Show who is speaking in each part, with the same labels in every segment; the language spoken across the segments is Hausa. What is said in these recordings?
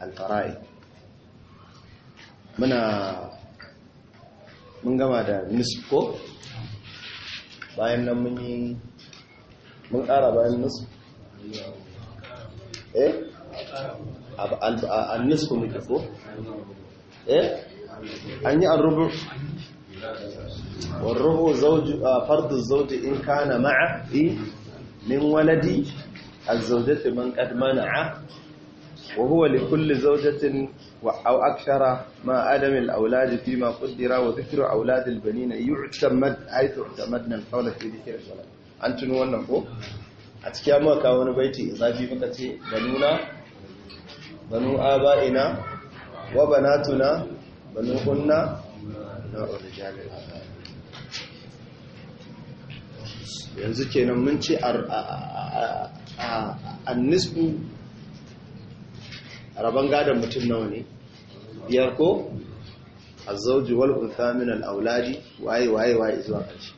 Speaker 1: alfarai muna mun gama da nisko bayan nan mun yi mun ƙara bayan nisko eh an nisko muke ko eh an yi an rubu wani rubu fardun zauji in kana ma'a fi min waladi a zaujefe man ƙad mana'a وهو لكل زوجة أو أكثر ما أدم الأولاد فيما قدر وذكر أولاد البنين يعتمد حيث اعتمدنا القول في ذكر الولد أن تنوانا فوق أتكيا ما كاونا بيتي إضافي فكتي بنونا بنو آبائنا وبناتنا بنوهن نوع رجال الآباء yanzu kenan mun ce a annisbu rabon gadon mutum nawa ne biyar ko azzauji wal untha min al auladi waye waye waye zuwa ƙarshe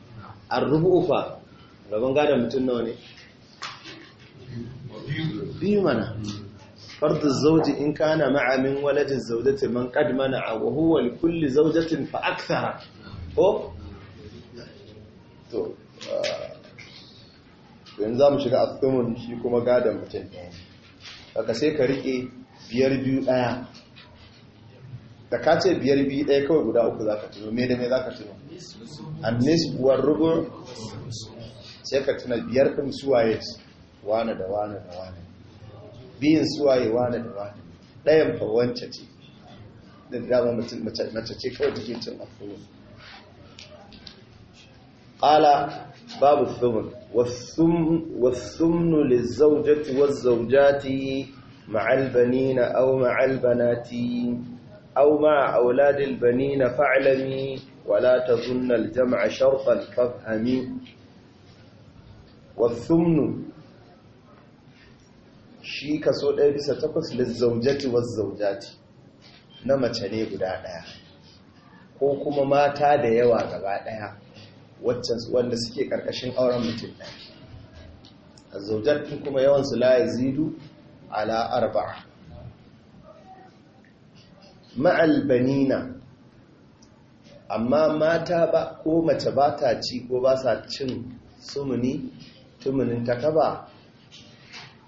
Speaker 1: rubu fa rabon gadon mutum nawa ne biyu mana fardu zauji in kana ma'a min waladin zaujati man qad mana'a wa huwa li kulli zaujatin fa akthara ko to ah, yanzu za mu shiga askumun shi kuma gadon mutum ɗaya daga sai ka rike biyar biyu daya da ka ce biyar biyu daya kawai guda uku za ka tuno me da me za ka tuno annis nisbuwar rugu sai ka tuna biyar ɗin suwaye wane da wane da wane biyun suwaye wane da wane ɗayan fawance ce da dama mace ce kawai jikin cin afuwa ƙala babu الثمن wasumnu للزوجة والزوجات مع البنين أو مع البنات أو مع أولاد البنين فاعلمي wala تظن الجمع شرطا shartan والثمن wasumnu shi kaso ɗaya bisa takwas wasu zaujati na mace ne guda ɗaya ko kuma mata da yawa gaba ɗaya wanda suke ƙarƙashin auren mutum ɗaya azzaujatun kuma yawansu laye zidu ala arba ma'al banina amma mata ba ko mace ba ta ci ko ba sa cin sumuni tumunin takaba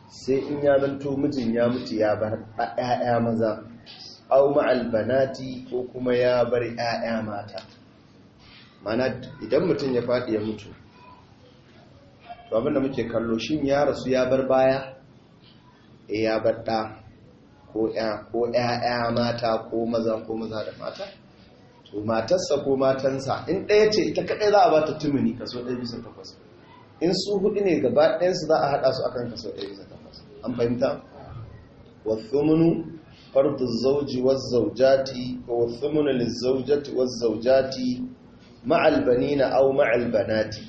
Speaker 1: sai in ya to mijin ya mutu ya bar ‘ya'ya maza au ma'albanati ko kuma ya bar ‘ya'ya mata’ mana idan mutum ya faɗi ya mutu to abinda muke kallo shi ya rasu ya bar baya e ya bar ɗa ko ‘ya'ya mata ko maza ko maza da mata to matarsa ko matansa in ɗaya ce ita kaɗai za a ba ta tumini kaso ɗaya bisa takwas in su hudu ne gaba ɗayansu za a haɗa su akan kaso ɗaya bisa takwas an fahimta wasu munu fardu zauji wasu zaujati ko wasu munu lizzaujati wasu zaujati ma'al banina aw au banati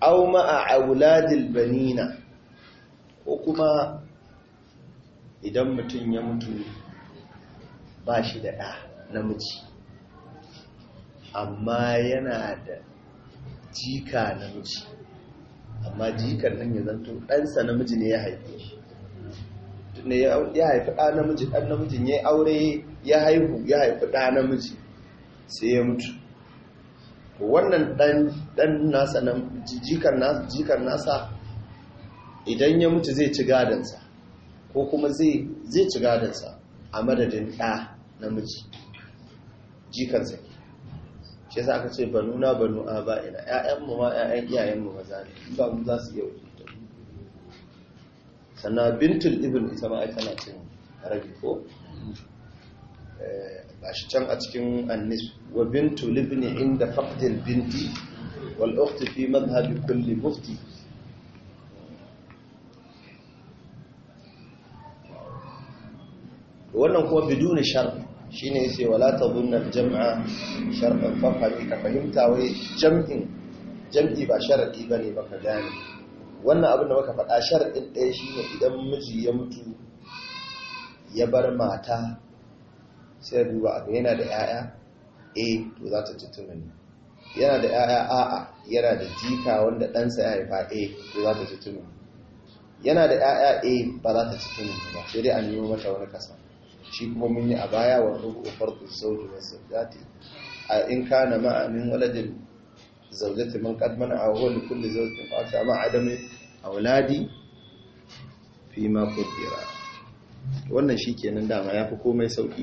Speaker 1: aw ma'a auladil banina ko kuma idan mutum ya mutu ba shi da ɗa namiji amma yana da jika namiji amma jikan nan ya zanto ɗansa namiji ne ya haife shi ne ya haifi ɗa namiji ɗan namijin ya aure ya haihu ya haifi ɗa namiji sai ya mutu wannan dan nasa nan jikan nasa idan ya mutu zai ci gadansa ko kuma zai ci gadansa a madadin ɗa namiji jikansa ke shi yasa aka ce banuna banu a ba'ina ‘ya'yanmu ma ‘ya'yan iyayenmu maza ne ba mu za su yi wuce sannan bintul ibn ita ma tana cin rabi ko eh, can a cikin annis wa bintu libni inda faqdil binti wal ukhti fi madhhabi kulli mufti wannan kuma biduni shi shine yace wala tadhunna al jam'a shar'an ne ka fahimta wai jam'in jam'i ba sharadi bane baka gane wannan abin da muka faɗa sharadin ɗaya shine idan miji ya mutu ya bar mata sai ya duba a yana da 'ya'ya a eh, to za ta ci tumini yana da 'ya'ya a'a yana da jika wanda ɗansa ya haifa a eh, to za ta ci tumini yana da 'ya'ya a eh, ba za ta ci tumini ba sai dai a nemo mata wani kasa shi kuma mun yi a baya wa rubu farko sauji wasu zati a in kana ma'anin waladin zaujati man qad mana a wani kulli zawjatin fa ta ma adami auladi fi ma qudira wannan shi kenan dama yafi komai sauki